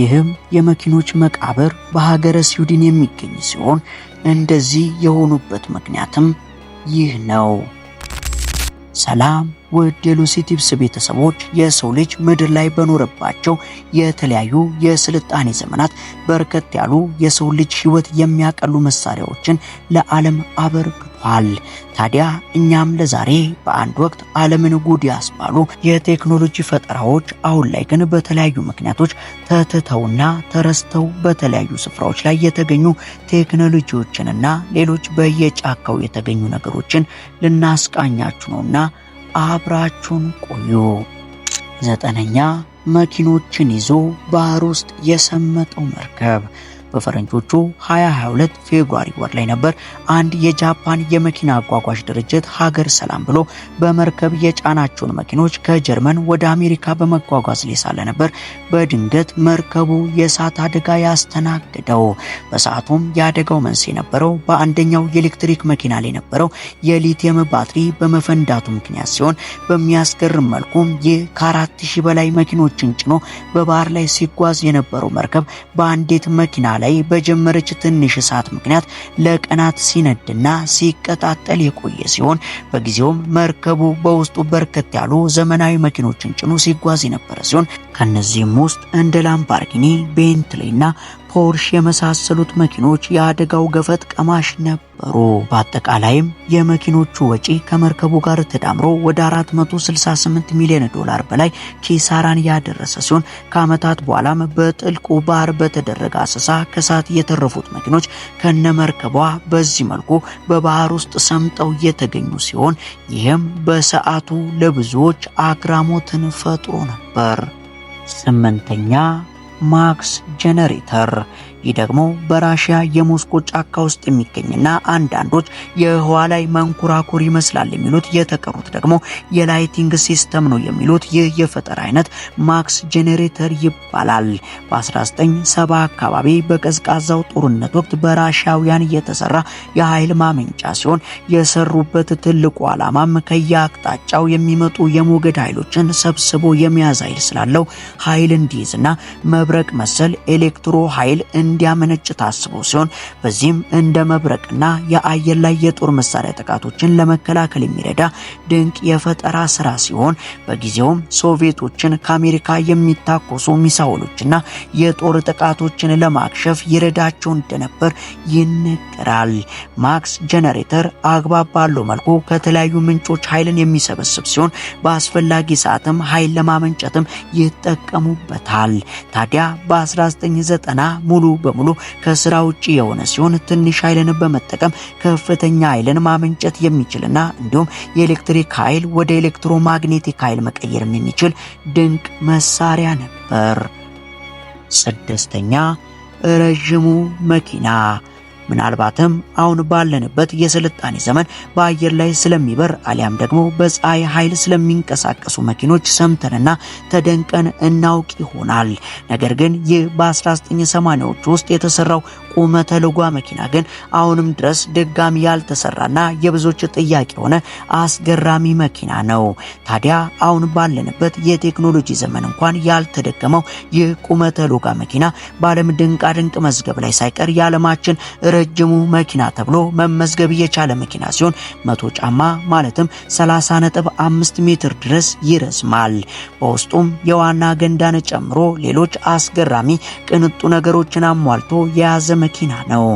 ይህም የመኪኖች መቃብር በሀገረ ስዊድን የሚገኝ ሲሆን እንደዚህ የሆኑበት ምክንያትም ይህ ነው። ሰላም ውድ የሉሲ ቲፕስ ቤተሰቦች የሰው ልጅ ምድር ላይ በኖረባቸው የተለያዩ የስልጣኔ ዘመናት በርከት ያሉ የሰው ልጅ ሕይወት የሚያቀሉ መሳሪያዎችን ለዓለም አበርክቷል። ታዲያ እኛም ለዛሬ በአንድ ወቅት ዓለምን ጉድ ያስባሉ የቴክኖሎጂ ፈጠራዎች አሁን ላይ ግን በተለያዩ ምክንያቶች ተትተውና ተረስተው በተለያዩ ስፍራዎች ላይ የተገኙ ቴክኖሎጂዎችንና ሌሎች በየጫካው የተገኙ ነገሮችን ልናስቃኛችሁ ነውና አብራችሁን ቆዩ። ዘጠነኛ መኪኖችን ይዞ ባህር ውስጥ የሰመጠው መርከብ በፈረንጆቹ 2022 ፌብሩዋሪ ወር ላይ ነበር አንድ የጃፓን የመኪና አጓጓዥ ድርጅት ሀገር ሰላም ብሎ በመርከብ የጫናቸውን መኪኖች ከጀርመን ወደ አሜሪካ በመጓጓዝ ላይ ሳለ ነበር በድንገት መርከቡ የእሳት አደጋ ያስተናገደው። በሰዓቱም የአደጋው መንስኤ የነበረው በአንደኛው የኤሌክትሪክ መኪና ላይ የነበረው የሊቲየም ባትሪ በመፈንዳቱ ምክንያት ሲሆን በሚያስገርም መልኩም ይህ ከአራት ሺህ በላይ መኪኖችን ጭኖ በባህር ላይ ሲጓዝ የነበረው መርከብ በአንዲት መኪና ላይ ላይ በጀመረች ትንሽ እሳት ምክንያት ለቀናት ሲነድና ሲቀጣጠል የቆየ ሲሆን በጊዜውም መርከቡ በውስጡ በርከት ያሉ ዘመናዊ መኪኖችን ጭኖ ሲጓዝ የነበረ ሲሆን ከነዚህም ውስጥ እንደ ላምባርጊኒ፣ ቤንትሌና ፖርሽ የመሳሰሉት መኪኖች የአደጋው ገፈት ቀማሽ ነበሩ። በአጠቃላይም የመኪኖቹ ወጪ ከመርከቡ ጋር ተዳምሮ ወደ 468 ሚሊዮን ዶላር በላይ ኪሳራን ያደረሰ ሲሆን ከዓመታት በኋላም በጥልቁ ባህር በተደረገ አሰሳ ከሳት የተረፉት መኪኖች ከነመርከቧ በዚህ መልኩ በባህር ውስጥ ሰምጠው የተገኙ ሲሆን ይህም በሰዓቱ ለብዙዎች አግራሞትን ፈጥሮ ነበር። ስምንተኛ Max Generator ይህ ደግሞ በራሽያ የሞስኮ ጫካ ውስጥ የሚገኝና አንዳንዶች የህዋ ላይ መንኮራኩር ይመስላል የሚሉት የተቀሩት ደግሞ የላይቲንግ ሲስተም ነው የሚሉት ይህ የፈጠራ አይነት ማክስ ጄኔሬተር ይባላል። በ1970 አካባቢ በቀዝቃዛው ጦርነት ወቅት በራሽያውያን የተሰራ የኃይል ማመንጫ ሲሆን የሰሩበት ትልቁ ዓላማም ከየአቅጣጫው የሚመጡ የሞገድ ኃይሎችን ሰብስቦ የሚያዝ ኃይል ስላለው ኃይል እንዲይዝና መብረቅ መሰል ኤሌክትሮ ኃይል እንዲያመነጭ ታስቦ ሲሆን በዚህም እንደ መብረቅና የአየር ላይ የጦር መሳሪያ ጥቃቶችን ለመከላከል የሚረዳ ድንቅ የፈጠራ ስራ ሲሆን በጊዜውም ሶቪየቶችን ከአሜሪካ የሚታኮሱ ሚሳይሎችና የጦር ጥቃቶችን ለማክሸፍ ይረዳቸው እንደነበር ይነገራል። ማክስ ጀነሬተር አግባብ ባለው መልኩ ከተለያዩ ምንጮች ኃይልን የሚሰበስብ ሲሆን በአስፈላጊ ሰዓትም ኃይል ለማመንጨትም ይጠቀሙበታል። ታዲያ በ1990 ሙሉ በሙሉ ከስራ ውጪ የሆነ ሲሆን ትንሽ ኃይልን በመጠቀም ከፍተኛ ኃይልን ማመንጨት የሚችልና እንዲሁም የኤሌክትሪክ ኃይል ወደ ኤሌክትሮማግኔቲክ ኃይል መቀየር የሚችል ድንቅ መሳሪያ ነበር። ስድስተኛ ረዥሙ መኪና ምናልባትም አሁን ባለንበት የስልጣኔ ዘመን በአየር ላይ ስለሚበር አሊያም ደግሞ በፀሐይ ኃይል ስለሚንቀሳቀሱ መኪኖች ሰምተንና ተደንቀን እናውቅ ይሆናል። ነገር ግን ይህ በ1980ዎቹ ውስጥ የተሰራው ቁመተ ልጓ መኪና ግን አሁንም ድረስ ድጋሚ ያልተሰራና የብዙዎች ጥያቄ የሆነ አስገራሚ መኪና ነው። ታዲያ አሁን ባለንበት የቴክኖሎጂ ዘመን እንኳን ያልተደገመው ይህ ቁመተ ልጓ መኪና በዓለም ድንቃድንቅ መዝገብ ላይ ሳይቀር የዓለማችን የረጅሙ መኪና ተብሎ መመዝገብ የቻለ መኪና ሲሆን መቶ ጫማ ማለትም 30.5 ሜትር ድረስ ይረዝማል። በውስጡም የዋና ገንዳን ጨምሮ ሌሎች አስገራሚ ቅንጡ ነገሮችን አሟልቶ የያዘ መኪና ነው።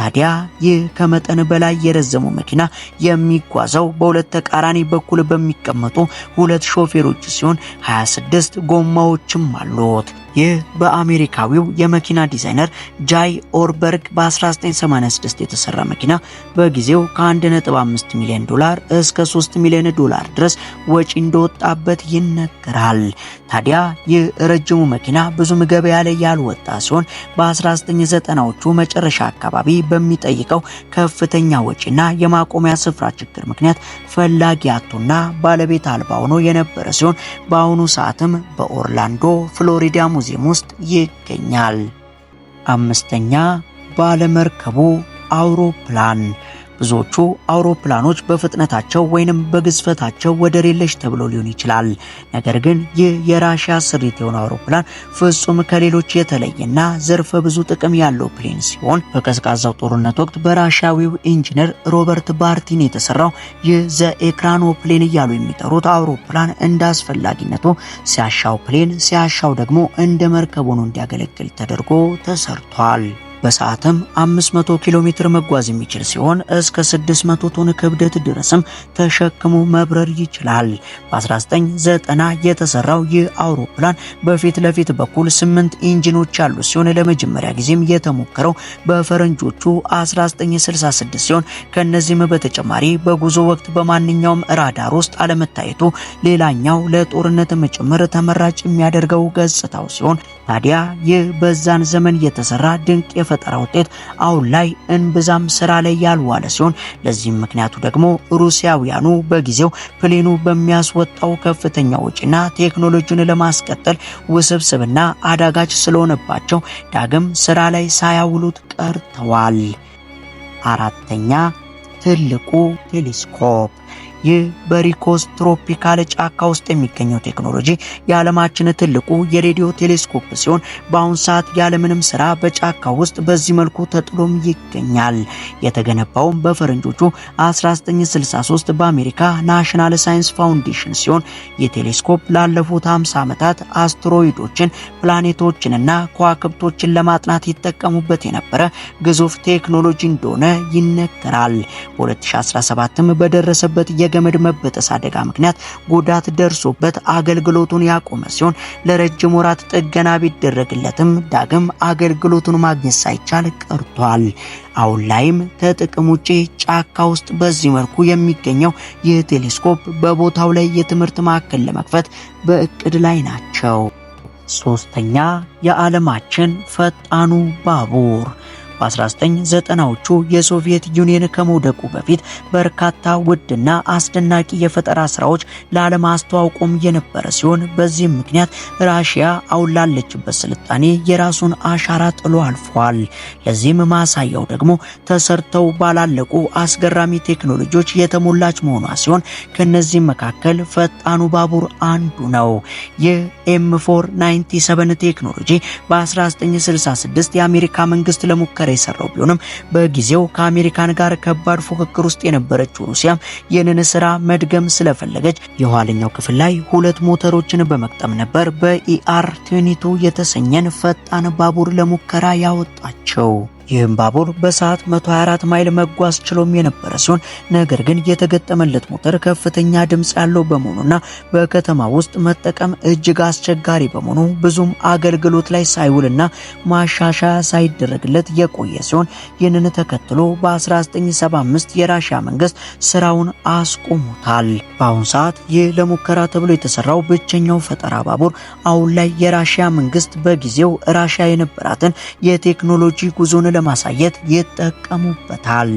ታዲያ ይህ ከመጠን በላይ የረዘመው መኪና የሚጓዘው በሁለት ተቃራኒ በኩል በሚቀመጡ ሁለት ሾፌሮች ሲሆን 26 ጎማዎችም አሉት። ይህ በአሜሪካዊው የመኪና ዲዛይነር ጃይ ኦርበርግ በ1986 የተሰራ መኪና በጊዜው ከ1.5 ሚሊዮን ዶላር እስከ 3 ሚሊዮን ዶላር ድረስ ወጪ እንደወጣበት ይነገራል። ታዲያ ይህ ረጅሙ መኪና ብዙም ገበያ ላይ ያልወጣ ሲሆን በ1990ዎቹ መጨረሻ አካባቢ በሚጠይቀው ከፍተኛ ወጪና የማቆሚያ ስፍራ ችግር ምክንያት ፈላጊ አጡና ባለቤት አልባ ሆኖ የነበረ ሲሆን በአሁኑ ሰዓትም በኦርላንዶ ፍሎሪዳ ሙዚየም ውስጥ ይገኛል። አምስተኛ ባለመርከቡ አውሮፕላን ብዙዎቹ አውሮፕላኖች በፍጥነታቸው ወይንም በግዝፈታቸው ወደር የለሽ ተብሎ ሊሆን ይችላል። ነገር ግን ይህ የራሽያ ስሪት የሆነ አውሮፕላን ፍጹም ከሌሎች የተለየና ዘርፈ ብዙ ጥቅም ያለው ፕሌን ሲሆን በቀዝቃዛው ጦርነት ወቅት በራሻዊው ኢንጂነር ሮበርት ባርቲን የተሰራው ይህ ዘኤክራኖ ፕሌን እያሉ የሚጠሩት አውሮፕላን እንደ አስፈላጊነቱ ሲያሻው ፕሌን፣ ሲያሻው ደግሞ እንደ መርከብ ሆኖ እንዲያገለግል ተደርጎ ተሰርቷል። በሰዓትም 500 ኪሎ ሜትር መጓዝ የሚችል ሲሆን እስከ 600 ቶን ክብደት ድረስም ተሸክሞ መብረር ይችላል። በ1990 የተሰራው ይህ አውሮፕላን በፊት ለፊት በኩል ስምንት ኢንጂኖች ያሉት ሲሆን ለመጀመሪያ ጊዜም የተሞከረው በፈረንጆቹ 1966 ሲሆን ከነዚህም በተጨማሪ በጉዞ ወቅት በማንኛውም ራዳር ውስጥ አለመታየቱ ሌላኛው ለጦርነት መጨመር ተመራጭ የሚያደርገው ገጽታው ሲሆን ታዲያ ይህ በዛን ዘመን የተሰራ ድንቅ የፈጠራ ውጤት አሁን ላይ እንብዛም ስራ ላይ ያልዋለ ሲሆን ለዚህም ምክንያቱ ደግሞ ሩሲያውያኑ በጊዜው ፕሌኑ በሚያስወጣው ከፍተኛ ወጪና ቴክኖሎጂን ለማስቀጠል ውስብስብና አዳጋች ስለሆነባቸው ዳግም ስራ ላይ ሳያውሉት ቀርተዋል። አራተኛ ትልቁ ቴሌስኮፕ ይህ በሪኮስ ትሮፒካል ጫካ ውስጥ የሚገኘው ቴክኖሎጂ የዓለማችን ትልቁ የሬዲዮ ቴሌስኮፕ ሲሆን በአሁን ሰዓት ያለምንም ስራ በጫካ ውስጥ በዚህ መልኩ ተጥሎም ይገኛል። የተገነባውም በፈረንጆቹ 1963 በአሜሪካ ናሽናል ሳይንስ ፋውንዴሽን ሲሆን ይህ ቴሌስኮፕ ላለፉት 50 ዓመታት አስትሮይዶችን፣ ፕላኔቶችንና ከዋክብቶችን ለማጥናት ይጠቀሙበት የነበረ ግዙፍ ቴክኖሎጂ እንደሆነ ይነገራል። በ2017ም በደረሰበት በገመድ መበጠስ አደጋ ምክንያት ጉዳት ደርሶበት አገልግሎቱን ያቆመ ሲሆን ለረጅም ወራት ጥገና ቢደረግለትም ዳግም አገልግሎቱን ማግኘት ሳይቻል ቀርቷል። አሁን ላይም ከጥቅም ውጪ ጫካ ውስጥ በዚህ መልኩ የሚገኘው ይህ ቴሌስኮፕ በቦታው ላይ የትምህርት ማዕከል ለመክፈት በእቅድ ላይ ናቸው። ሶስተኛ፣ የዓለማችን ፈጣኑ ባቡር በ1990ዎቹ የሶቪየት ዩኒየን ከመውደቁ በፊት በርካታ ውድና አስደናቂ የፈጠራ ስራዎች ለዓለም አስተዋውቆም የነበረ ሲሆን በዚህም ምክንያት ራሽያ አሁን ላለችበት ስልጣኔ የራሱን አሻራ ጥሎ አልፏል። ለዚህም ማሳያው ደግሞ ተሰርተው ባላለቁ አስገራሚ ቴክኖሎጂዎች የተሞላች መሆኗ ሲሆን ከነዚህም መካከል ፈጣኑ ባቡር አንዱ ነው። ይህ 497 ቴክኖሎጂ በ1966 የአሜሪካ መንግስት ለሙከራ ጠንካራ የሰራው ቢሆንም በጊዜው ከአሜሪካን ጋር ከባድ ፉክክር ውስጥ የነበረችው ሩሲያም ይህንን ስራ መድገም ስለፈለገች የኋለኛው ክፍል ላይ ሁለት ሞተሮችን በመቅጠም ነበር በኢአር ቲኒቱ የተሰኘን ፈጣን ባቡር ለሙከራ ያወጣቸው። ይህም ባቡር በሰዓት 124 ማይል መጓዝ ችሎም የነበረ ሲሆን ነገር ግን የተገጠመለት ሞተር ከፍተኛ ድምፅ ያለው በመሆኑና በከተማ ውስጥ መጠቀም እጅግ አስቸጋሪ በመሆኑ ብዙም አገልግሎት ላይ ሳይውልና ማሻሻያ ሳይደረግለት የቆየ ሲሆን ይህንን ተከትሎ በ1975 የራሽያ መንግስት ስራውን አስቆሙታል። በአሁኑ ሰዓት ይህ ለሙከራ ተብሎ የተሰራው ብቸኛው ፈጠራ ባቡር አሁን ላይ የራሽያ መንግስት በጊዜው ራሽያ የነበራትን የቴክኖሎጂ ጉዞን ለማሳየት ይጠቀሙበታል።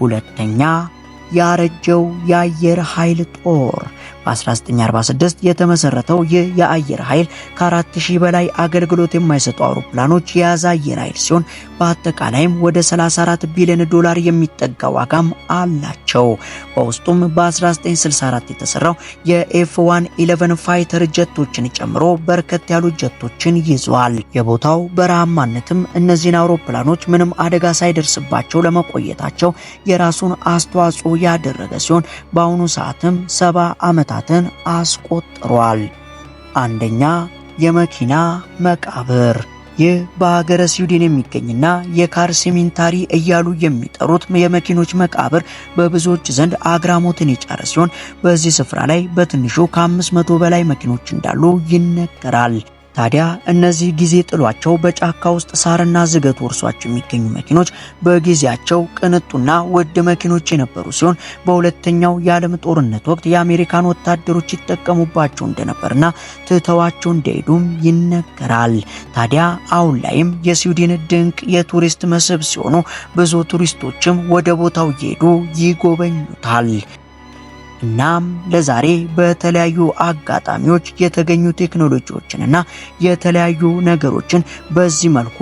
ሁለተኛ ያረጀው የአየር ኃይል ጦር በ1946 የተመሰረተው ይህ የአየር ኃይል ከ4000 በላይ አገልግሎት የማይሰጡ አውሮፕላኖች የያዘ አየር ኃይል ሲሆን በአጠቃላይም ወደ 34 ቢሊዮን ዶላር የሚጠጋ ዋጋም አላቸው። በውስጡም በ1964 የተሰራው የኤፍ 111 ፋይተር ጀቶችን ጨምሮ በርከት ያሉ ጀቶችን ይዟል። የቦታው በረሃማነትም እነዚህን አውሮፕላኖች ምንም አደጋ ሳይደርስባቸው ለመቆየታቸው የራሱን አስተዋጽኦ ያደረገ ሲሆን በአሁኑ ሰዓትም ሰባ ዓመታት ዓመታትን አስቆጥሯል። አንደኛ የመኪና መቃብር ይህ በሀገረ ስዊድን የሚገኝና የካር ሴሜንታሪ እያሉ የሚጠሩት የመኪኖች መቃብር በብዙዎች ዘንድ አግራሞትን የጫረ ሲሆን በዚህ ስፍራ ላይ በትንሹ ከአምስት መቶ በላይ መኪኖች እንዳሉ ይነገራል። ታዲያ እነዚህ ጊዜ ጥሏቸው በጫካ ውስጥ ሳርና ዝገት ወርሷቸው የሚገኙ መኪኖች በጊዜያቸው ቅንጡና ውድ መኪኖች የነበሩ ሲሆን በሁለተኛው የዓለም ጦርነት ወቅት የአሜሪካን ወታደሮች ይጠቀሙባቸው እንደነበርና ትተዋቸው እንደሄዱም ይነገራል። ታዲያ አሁን ላይም የስዊድን ድንቅ የቱሪስት መስህብ ሲሆኑ ብዙ ቱሪስቶችም ወደ ቦታው እየሄዱ ይጎበኙታል። እናም ለዛሬ በተለያዩ አጋጣሚዎች የተገኙ ቴክኖሎጂዎችንና የተለያዩ ነገሮችን በዚህ መልኩ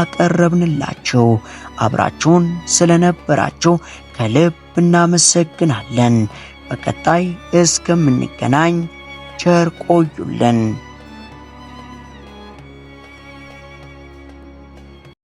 አቀረብንላቸው። አብራችሁን ስለነበራችሁ ከልብ እናመሰግናለን። በቀጣይ እስከምንገናኝ ቸር ቆዩልን።